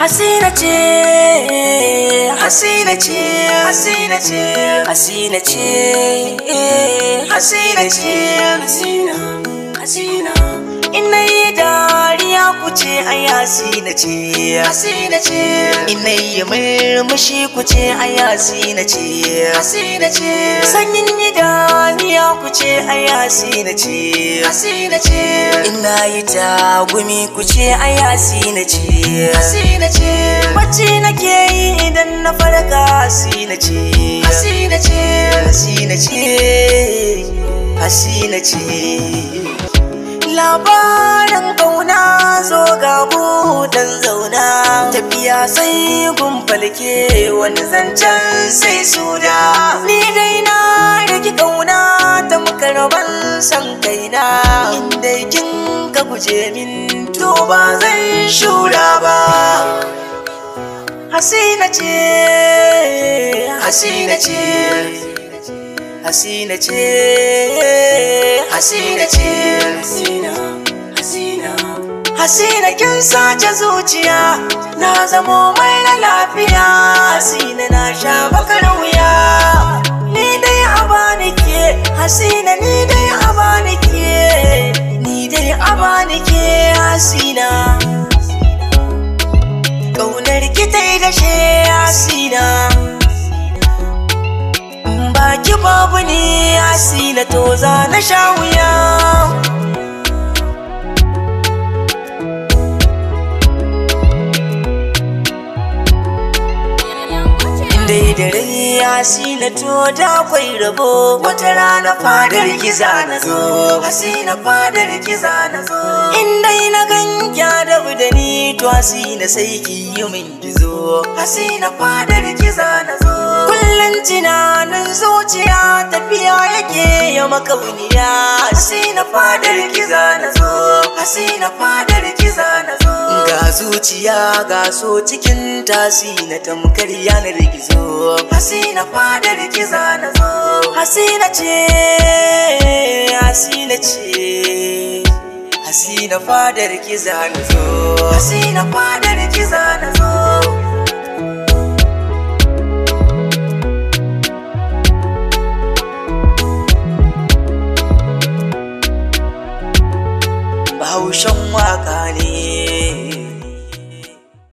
hasina ce hasina ce hasina ce hasina ce hasina ce hasina kuce ayasi na ce asi na ce ina yi murmushi ku ce ai hasina ce hasina ce sanyin ni ya kuce ayasi na ce asi na ce ina yi ta gumi kuce ayasi na ce asi na ce bacci nake yi idan na farka asi na ce asi na ce asi na ce asi na ce labar Ya sai gun falke wani zancen sai suda ni dai na riki kauna ta makaraban san kaina inda kin ka guje min to ba zan shura ba hasina ce hasina ce hasina ce hasina ce hasina hasina hasina kin sace zuciya na zamo mai na lafiya hasina na sha na wuya ni dai a bani ke hasina ni dai a bani ke ni dai a bani ke hasina kaunar ki ta yi gashe hasina baki babu ni hasina to za na sha wuya dai rai ya shi na to da kwai rabo wata rana fadar kiza na zo hasi na fadar kiza na zo in dai na gan ya da ni to shi na sai ki yi min gizo hasi na fadar kiza na zo kullum tunanin zuciya tafiya yake ya maka wuniya hasi na fadar kiza na zo hasi na fadar kiza na zo zuciya ga so cikin tasi na tamkar yanar gizo hasina fadar kiza na zo hasina ce hasina ce hasina fadar kiza na zo hasina fadar kiza na zo Bahaushen waka ne